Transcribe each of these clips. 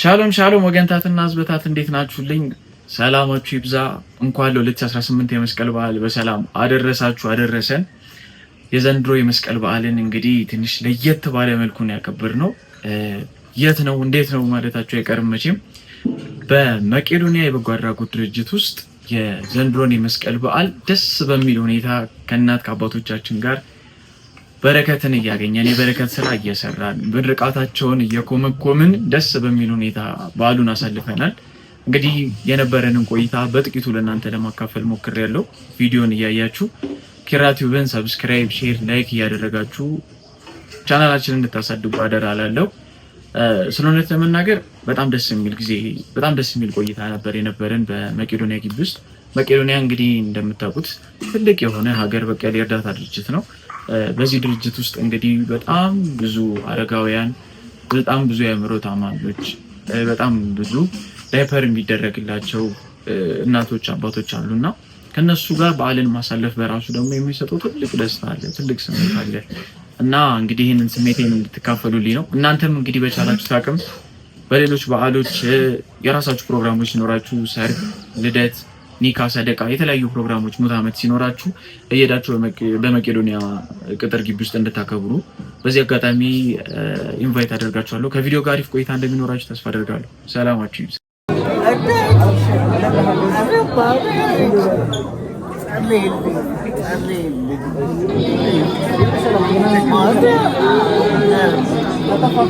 ሻሎም ሻሎም ወገንታትና ህዝበታት እንዴት ናችሁልኝ? ሰላማችሁ ይብዛ። እንኳን ለ2018 የመስቀል በዓል በሰላም አደረሳችሁ አደረሰን። የዘንድሮ የመስቀል በዓልን እንግዲህ ትንሽ ለየት ባለ መልኩን ያከብር ነው የት ነው እንዴት ነው ማለታቸው አይቀርም መቼም። በመቄዶንያ የበጎ አድራጎት ድርጅት ውስጥ የዘንድሮን የመስቀል በዓል ደስ በሚል ሁኔታ ከእናት ከአባቶቻችን ጋር በረከትን እኔ በረከት ስራ እየሰራን ምርቃታቸውን እየኮመኮምን ደስ በሚል ሁኔታ በዓሉን አሳልፈናል። እንግዲህ የነበረንን ቆይታ በጥቂቱ ለእናንተ ለማካፈል ሞክሬያለሁ። ቪዲዮን እያያችሁ ኪራቲቭን ሰብስክራይብ፣ ሼር፣ ላይክ እያደረጋችሁ ቻናላችንን እንድታሳድጉ አደራ አላለው። ስለ እውነት ለመናገር በጣም ደስ የሚል ጊዜ በጣም ደስ የሚል ቆይታ ነበር የነበረን በመቄዶንያ ግቢ ውስጥ። መቄዶንያ እንግዲህ እንደምታውቁት ትልቅ የሆነ ሀገር በቀል የእርዳታ ድርጅት ነው። በዚህ ድርጅት ውስጥ እንግዲህ በጣም ብዙ አረጋውያን፣ በጣም ብዙ የአእምሮ ታማሚዎች፣ በጣም ብዙ ዳይፐር የሚደረግላቸው እናቶች፣ አባቶች አሉና ከነሱ ጋር በዓልን ማሳለፍ በራሱ ደግሞ የሚሰጠው ትልቅ ደስታ አለ፣ ትልቅ ስሜት አለ እና እንግዲህ ይህንን ስሜቴን እንድትካፈሉልኝ ነው። እናንተም እንግዲህ በቻላችሁ ታቅም በሌሎች በዓሎች የራሳችሁ ፕሮግራሞች ሲኖራችሁ ሰርግ፣ ልደት ኒካ፣ ሰደቃ፣ የተለያዩ ፕሮግራሞች ሙት ዓመት ሲኖራችሁ እየሄዳችሁ በመቄዶንያ ቅጥር ግቢ ውስጥ እንድታከብሩ በዚህ አጋጣሚ ኢንቫይት አደርጋችኋለሁ። ከቪዲዮ ጋር አሪፍ ቆይታ እንደሚኖራችሁ ተስፋ አደርጋለሁ። ሰላማችሁ Ayun,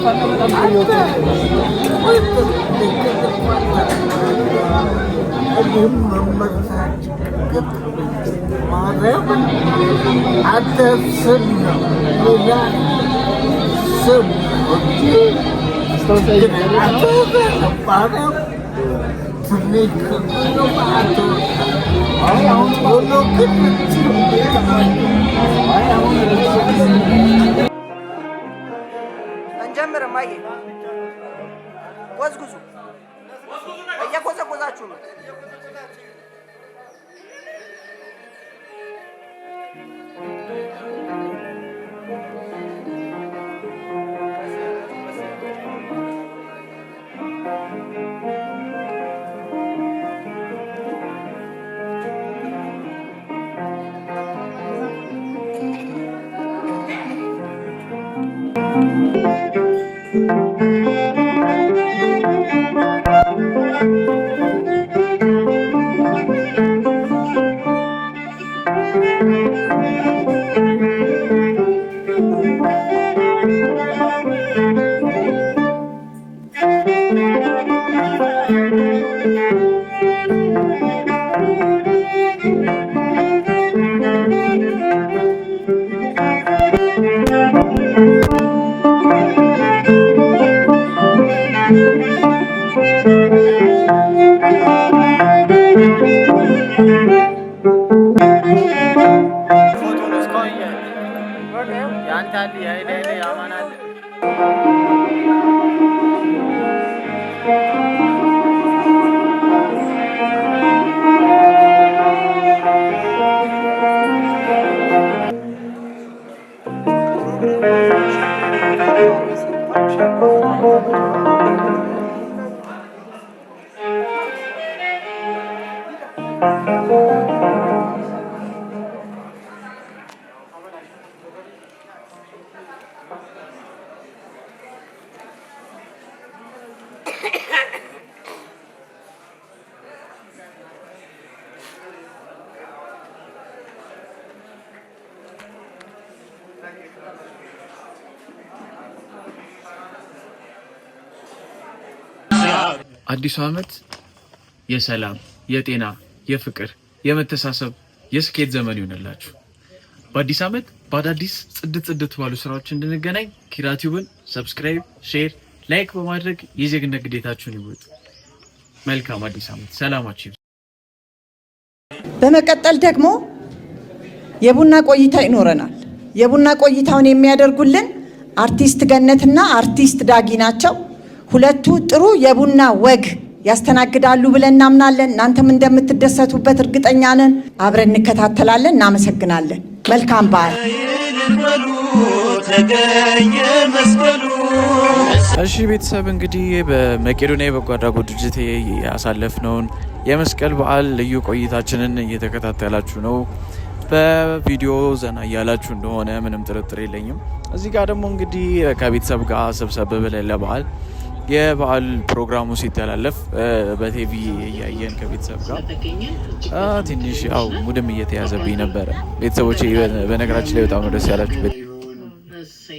mamasakit Maraming atasan nila sumunod Kinatasan parang tunikot ng ato Ayaw, tulog ka ng sumira Ayaw, tulog ka ng sumira አልተጀመረም። እማዬ ጎዝጉዙ፣ እየጎዘጎዛችሁ ነው። አዲሱ ዓመት የሰላም የጤና የፍቅር፣ የመተሳሰብ፣ የስኬት ዘመን ይሆንላችሁ። በአዲስ ዓመት በአዳዲስ ጽድት ጽድት ባሉ ስራዎች እንድንገናኝ ኪራቲዩብን ሰብስክራይብ፣ ሼር፣ ላይክ በማድረግ የዜግነት ግዴታችሁን ይወጡ። መልካም አዲስ ዓመት። ሰላማችሁ። በመቀጠል ደግሞ የቡና ቆይታ ይኖረናል። የቡና ቆይታውን የሚያደርጉልን አርቲስት ገነትና አርቲስት ዳጊ ናቸው። ሁለቱ ጥሩ የቡና ወግ ያስተናግዳሉ ብለን እናምናለን። እናንተም እንደምትደሰቱበት እርግጠኛ ነን። አብረን እንከታተላለን። እናመሰግናለን። መልካም በዓል። እሺ ቤተሰብ እንግዲህ በመቄዶንያ የበጎ አድራጎት ድርጅት ያሳለፍነውን የመስቀል በዓል ልዩ ቆይታችንን እየተከታተላችሁ ነው። በቪዲዮ ዘና እያላችሁ እንደሆነ ምንም ጥርጥር የለኝም። እዚህ ጋር ደግሞ እንግዲህ ከቤተሰብ ጋር ሰብሰብ ብለን ለበዓል የበዓል ፕሮግራሙ ሲተላለፍ በቴቪ እያየን ከቤተሰብ ጋር ትንሽ ያው ሙድም እየተያዘብኝ ነበረ። ቤተሰቦች በነገራችን ላይ በጣም ደስ ያላችሁ።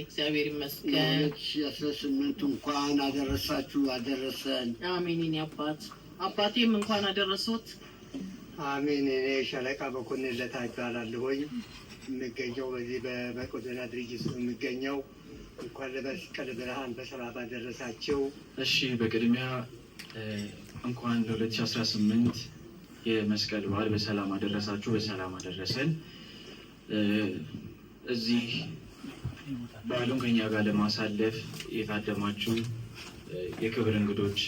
እግዚአብሔር ይመስገን። አስራ ስምንቱ እንኳን አደረሳችሁ አደረሰን። አሜን። አባት አባቴም እንኳን አደረሱት። አሜን። እኔ ሸለቃ ሻለቃ ይባላል ይባላለሁኝ። የምገኘው በዚህ በመቄዶንያ ድርጅት የምገኘው እንኳን ለመስቀል ብርሃን በሰላም አደረሳቸው። እሺ በቅድሚያ እንኳን ለ2018 የመስቀል በዓል በሰላም አደረሳችሁ፣ በሰላም አደረሰን። እዚህ በዓሉን ከኛ ጋር ለማሳለፍ የታደማችሁ የክብር እንግዶች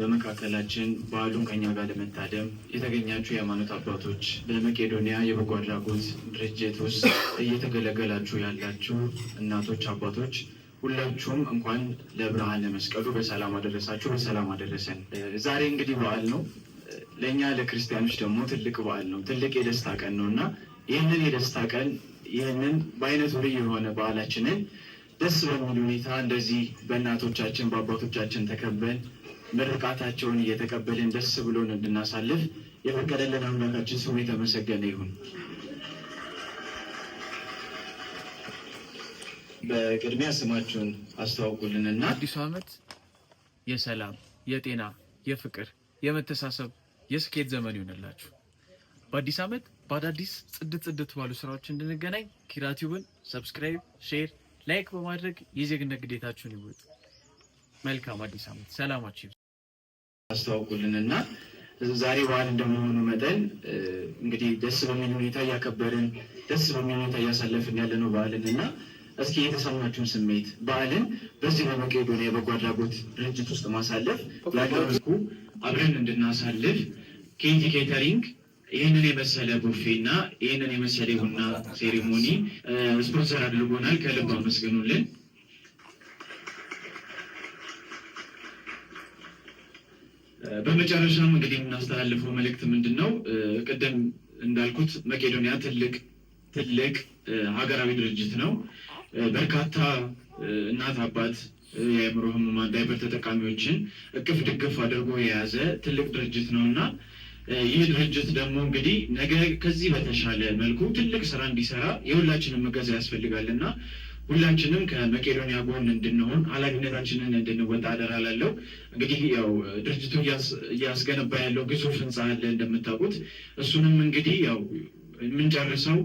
በመካከላችን በዓሉን ከኛ ጋር ለመታደም የተገኛችሁ የሃይማኖት አባቶች፣ በመቄዶንያ የበጎ አድራጎት ድርጅት ውስጥ እየተገለገላችሁ ያላችሁ እናቶች፣ አባቶች ሁላችሁም እንኳን ለብርሃነ መስቀሉ በሰላም አደረሳችሁ፣ በሰላም አደረሰን። ዛሬ እንግዲህ በዓል ነው። ለእኛ ለክርስቲያኖች ደግሞ ትልቅ በዓል ነው፣ ትልቅ የደስታ ቀን ነው እና ይህንን የደስታ ቀን ይህንን በአይነቱ ልዩ የሆነ በዓላችንን ደስ በሚል ሁኔታ እንደዚህ በእናቶቻችን በአባቶቻችን ተከበን ምርቃታቸውን እየተቀበልን ደስ ብሎን እንድናሳልፍ የፈቀደልን አምላካችን ስሙ የተመሰገነ ይሁን። በቅድሚያ ስማችሁን አስተዋውቁልንና አዲሱ ዓመት የሰላም የጤና የፍቅር የመተሳሰብ የስኬት ዘመን ይሆንላችሁ። በአዲስ ዓመት በአዳዲስ ጽድት ጽድት ባሉ ስራዎች እንድንገናኝ ኪራቲዩብን ሰብስክራይብ፣ ሼር፣ ላይክ በማድረግ የዜግነት ግዴታችሁን ይወጡ። መልካም አዲስ ዓመት። ሰላማችሁ አስተዋውቁልንና ዛሬ በዓል እንደመሆኑ መጠን እንግዲህ ደስ በሚል ሁኔታ እያከበርን ደስ በሚል ሁኔታ እያሳለፍን ነው በዓልን እና እስኪ የተሰማችሁን ስሜት በዓልን በዚህ በመቄዶንያ የበጎ አድራጎት ድርጅት ውስጥ ማሳለፍ ላገርኩ አብረን እንድናሳልፍ ኬንቲ ኬተሪንግ ይህንን የመሰለ ቡፌ እና ይህንን የመሰለ የቡና ሴሬሞኒ ስፖንሰር አድርጎናል። ከልብ አመስግኑልን። በመጨረሻም እንግዲህ የምናስተላልፈው መልእክት ምንድን ነው? ቅድም እንዳልኩት መቄዶንያ ትልቅ ትልቅ ሀገራዊ ድርጅት ነው። በርካታ እናት አባት፣ የአእምሮ ህሙማን፣ ዳይበር ተጠቃሚዎችን እቅፍ ድግፍ አድርጎ የያዘ ትልቅ ድርጅት ነው እና ይህ ድርጅት ደግሞ እንግዲህ ነገ ከዚህ በተሻለ መልኩ ትልቅ ስራ እንዲሰራ የሁላችንም እገዛ ያስፈልጋል እና ሁላችንም ከመቄዶንያ ጎን እንድንሆን ኃላፊነታችንን እንድንወጣ አደራ ላለው እንግዲህ ያው ድርጅቱ እያስገነባ ያለው ግዙፍ ህንፃ አለ እንደምታውቁት። እሱንም እንግዲህ ያው የምንጨርሰው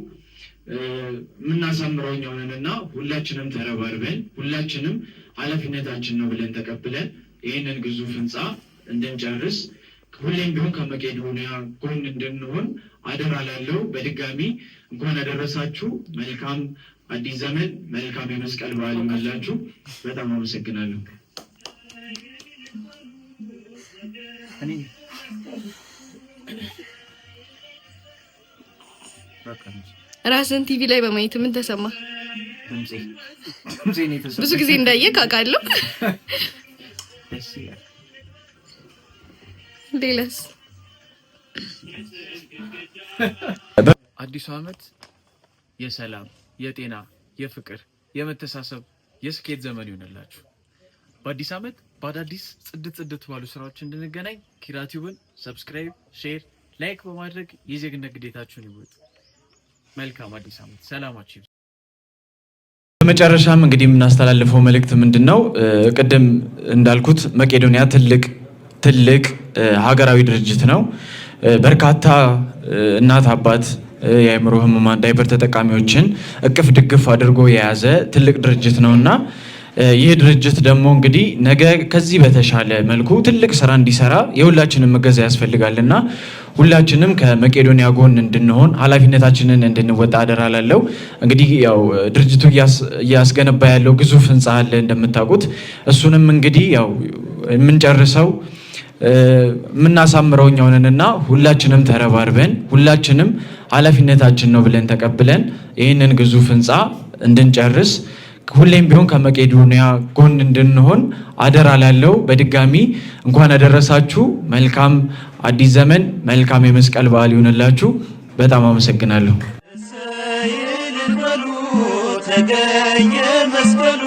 የምናሳምረው እኛውን እና ሁላችንም ተረባርበን ሁላችንም ኃላፊነታችን ነው ብለን ተቀብለን ይህንን ግዙፍ ህንፃ እንድንጨርስ ሁሌም ቢሆን ከመቄዶንያ ጎን እንድንሆን አደራ ላለው በድጋሚ እንኳን ያደረሳችሁ። መልካም አዲስ ዘመን፣ መልካም የመስቀል በዓል መላችሁ። በጣም አመሰግናለሁ። ራስን ቲቪ ላይ በማየት ምን ተሰማ? ብዙ ጊዜ እንዳየ ካውቃለሁ። ሌላስ አዲሱ ዓመት የሰላም፣ የጤና፣ የፍቅር፣ የመተሳሰብ፣ የስኬት ዘመን ይሆንላችሁ። በአዲስ ዓመት በአዳዲስ ጽድት ጽድት ባሉ ስራዎች እንድንገናኝ ኪራቲዩብን ሰብስክራይብ፣ ሼር፣ ላይክ በማድረግ የዜግነት ግዴታችሁን ይወጡ። መልካም አዲስ ዓመት። ሰላማችሁ በመጨረሻም እንግዲህ የምናስተላልፈው መልእክት ምንድን ነው? ቅድም እንዳልኩት መቄዶንያ ትልቅ ትልቅ ሀገራዊ ድርጅት ነው። በርካታ እናት አባት የአእምሮ ህሙማን ዳይፐር ተጠቃሚዎችን እቅፍ ድግፍ አድርጎ የያዘ ትልቅ ድርጅት ነው እና ይህ ድርጅት ደግሞ እንግዲህ ነገ ከዚህ በተሻለ መልኩ ትልቅ ስራ እንዲሰራ የሁላችንም እገዛ ያስፈልጋል እና ሁላችንም ከመቄዶንያ ጎን እንድንሆን ኃላፊነታችንን እንድንወጣ አደራ ላለው እንግዲህ ያው ድርጅቱ እያስገነባ ያለው ግዙፍ ህንፃ አለ እንደምታውቁት። እሱንም እንግዲህ ያው የምንጨርሰው የምናሳምረው እኛው ሁላችንም ተረባርበን ሁላችንም ኃላፊነታችን ነው ብለን ተቀብለን ይህንን ግዙፍ ህንፃ እንድንጨርስ ሁሌም ቢሆን ከመቄዶንያ ጎን እንድንሆን አደራ ላለው በድጋሚ እንኳን አደረሳችሁ። መልካም አዲስ ዘመን፣ መልካም የመስቀል በዓል ይሆንላችሁ። በጣም አመሰግናለሁ። ተገኘ መስቀሉ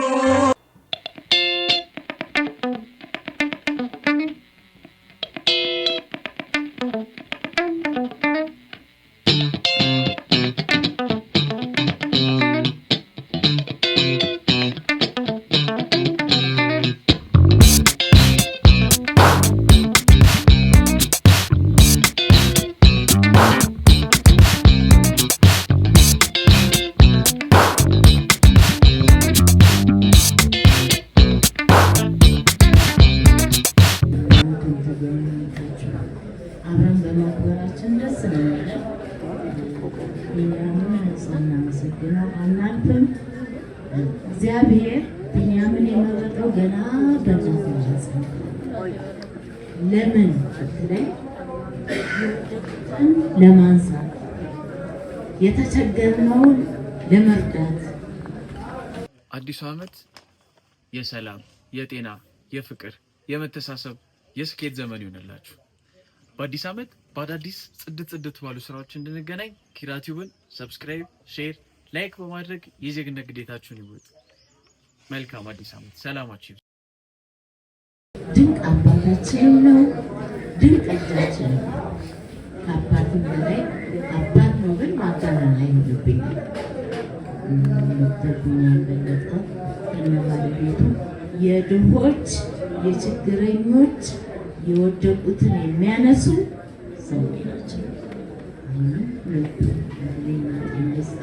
በማክበራችን ደስ ነው ያለን። ቢንያምን አናልፍም። እግዚአብሔር ቢንያምን የመረጠው ገና ለምን ብትለኝ ለማንሳት የተቸገርነውን ለመርዳት አዲሱ ዓመት የሰላም፣ የጤና፣ የፍቅር፣ የመተሳሰብ፣ የስኬት ዘመን ይሆንላችሁ። በአዲስ ዓመት በአዳዲስ ጽድት ጽድት ባሉ ስራዎች እንድንገናኝ ኪራቲውን ሰብስክራይብ፣ ሼር፣ ላይክ በማድረግ የዜግነት ግዴታችሁን ይወጡ። መልካም አዲስ ዓመት። ሰላማችሁ ይብዛ። ድንቅ ነው፣ ድንቅ የድሆች የችግረኞች የወደቁትን የሚያነሱ ሰንዳቸው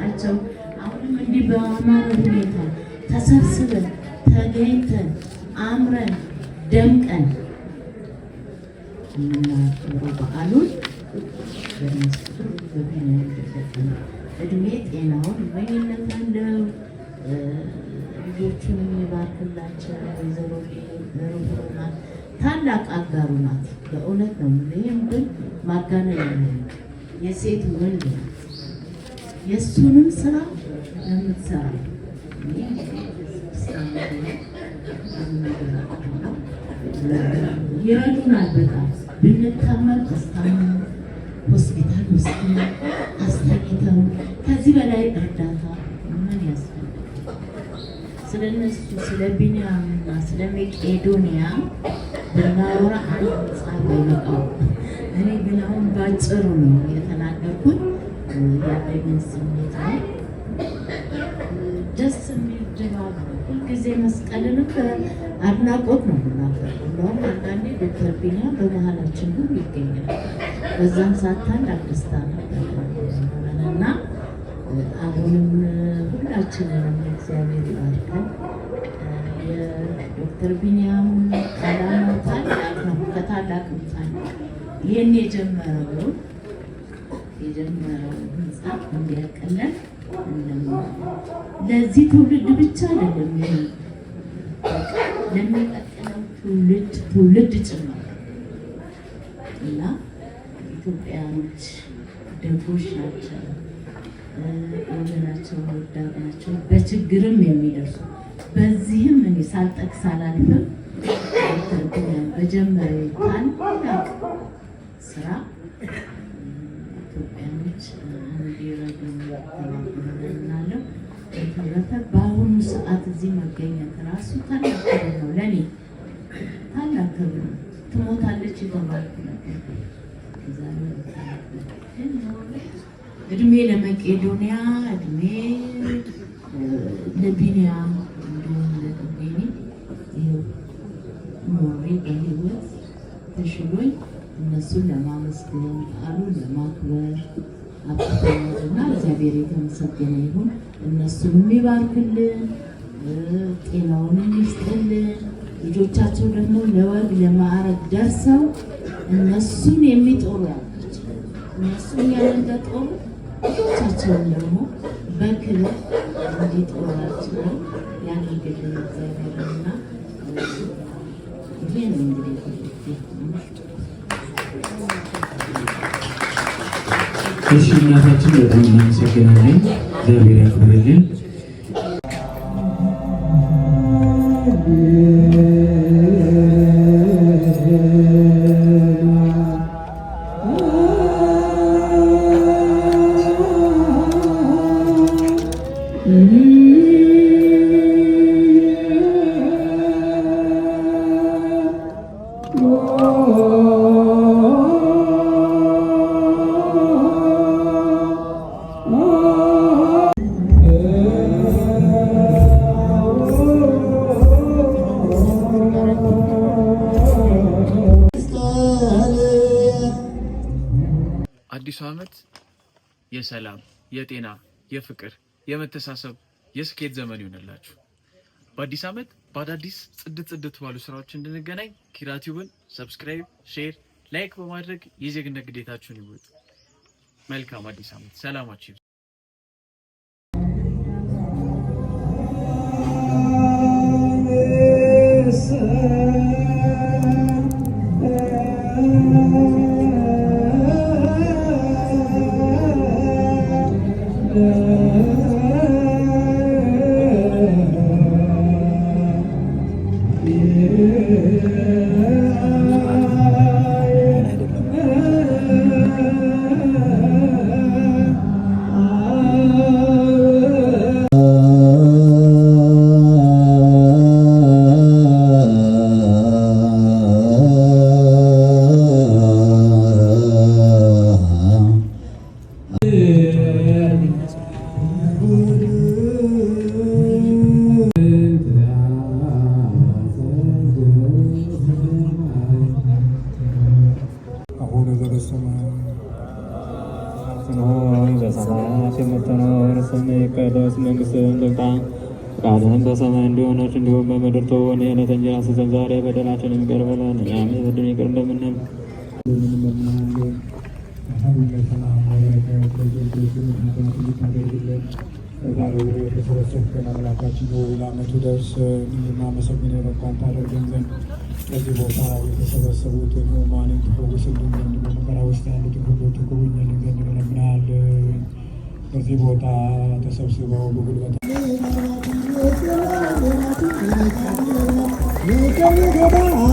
አሁንም አሁንም እንዲህ በአማረ ሁኔታ ተሰብስበን ተገኝተን አምረን ደምቀን የምናከብረው በዓሉን በነሱ በቢና እድሜ ጤናውን መኝነት አለው። ልጆቹን የሚባርክላቸው ወይዘሮ ሮሮናት ታላቅ አጋሩ ናት። በእውነት ነው። ይህም ግን ማጋነን ያለ የሴት ወንድ የእሱንም ስራ ለምትሰራ ይረዱናል። በጣም ብንታመም አስታመም ሆስፒታል ውስጥ አስተኝተው ከዚህ በላይ እርዳታ ስለ እነሱ ስለ ቢንያምና ስለ መቄዶንያ ብናወራ አንድ መጽሐፍ አይበቃው። እኔ ግን አሁን ባጭሩ ነው የተናገርኩት። ያለኝን ስሜት ነው። ደስ የሚል ድባብ ሁልጊዜ መስቀልንም አድናቆት ነው ምናገር። እንደውም አንዳንዴ ዶክተር ቢንያም በመሀላችን ሁሉ ይገኛል። በዛም ሳታን አዲስታ ነበር እና አሁንም ሁላችንንም እግዚአብሔር ይባርካል። የዶክተር ቢኒያም አላማ ታላቅ ነው፣ ከታላቅ ህንፃ ነው። ይህን የጀመረው የጀመረው ህንፃ እንዲያቀለን ለዚህ ትውልድ ብቻ አይደለም፣ ለሚቀጥለው ትውልድ ትውልድ ጭምር እና ኢትዮጵያኖች ደጎች ናቸው። ወገናቸው ወገናቸውን ናቸው በችግርም የሚደርሱ በዚህም እኔ ሳልጠቅስ አላልፍም። በጀመረ ታላቅ ስራ ኢትዮጵያኖች እንዲረዱን ተባብረናል። በተረፈ በአሁኑ ሰዓት እዚህ መገኘት ራሱ ታላቅ ክብር ነው፣ ለእኔ ታላቅ ክብር ነው። ትሞታለች የተባልኩ ነበር ዛሬ እድሜ ለመቄዶንያ እድሜ ለቢንያ እንዲሁም ለቅሜኒ ኖሬ በህይወት ተሽሎኝ እነሱን ለማመስገን አሉ ለማክበር እና እግዚአብሔር የተመሰገነ ይሁን። እነሱን የሚባርክልን ጤናውን የሚስጥልን ልጆቻቸው ደግሞ ለወግ ለማዕረግ ደርሰው እነሱን የሚጦሩ ያሉ እነሱም ያን እንደጦሩ ልጆቻችንን ደግሞ በክልል እንዲጦራቸው ያደርግልን እግዚአብሔርና ይህ ነው እንግዲህ እሺ እናታችን በጣም እናመሰግናለን። እግዚአብሔር ያክብርልን። አዲሱ ዓመት የሰላም፣ የጤና፣ የፍቅር የመተሳሰብ የስኬት ዘመን ይሆንላችሁ። በአዲስ ዓመት በአዳዲስ ጽድት ጽድት ባሉ ስራዎች እንድንገናኝ ኪራቲዩብን ሰብስክራይብ፣ ሼር፣ ላይክ በማድረግ የዜግነት ግዴታችሁን ይወጡ። መልካም አዲስ ዓመት። ሰላማችሁ እንለምናለን። ሀሳቡን በሰላም ታደርግልን። ዛሬ የተሰበሰብከን አምላካችን በውል ዓመቱ ደርስ የምናመሰግን የበቃን ታደርገን ዘንድ በዚህ ቦታ የተሰበሰቡት ማንን ትፈውስልን ዘንድ በመከራ ውስጥ ያሉትን ሁሉ ትጎብኝልን ዘንድ እንለምናለን። በዚህ ቦታ ተሰብስበው በጉልበት Oh,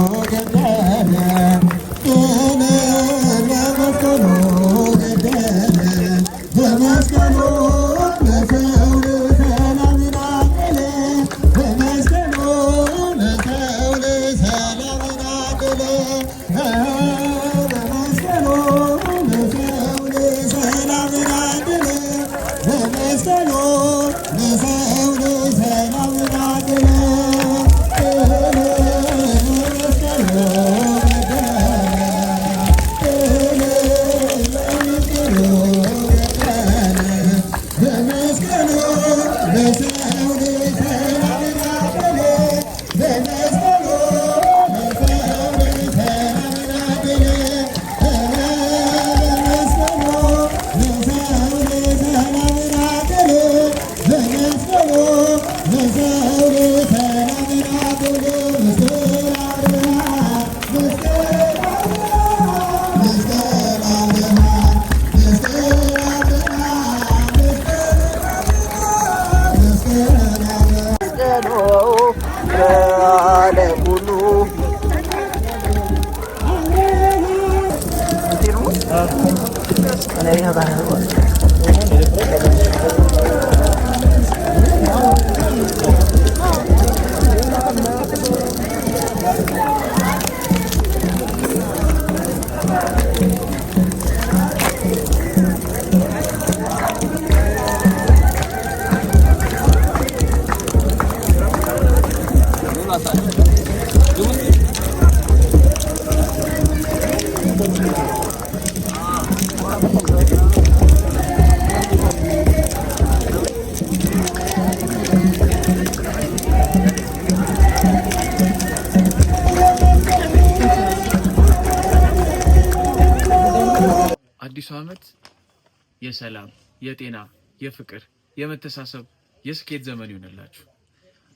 የሰላም፣ የጤና፣ የፍቅር፣ የመተሳሰብ፣ የስኬት ዘመን ይሆንላችሁ።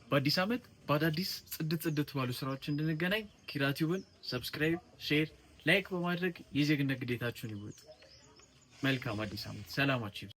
በአዲስ ዓመት በአዳዲስ ጽድት ጽድት ባሉ ስራዎች እንድንገናኝ ኪራቲዩብን ሰብስክራይብ፣ ሼር፣ ላይክ በማድረግ የዜግነት ግዴታችሁን ይወጡ። መልካም አዲስ ዓመት። ሰላማችሁ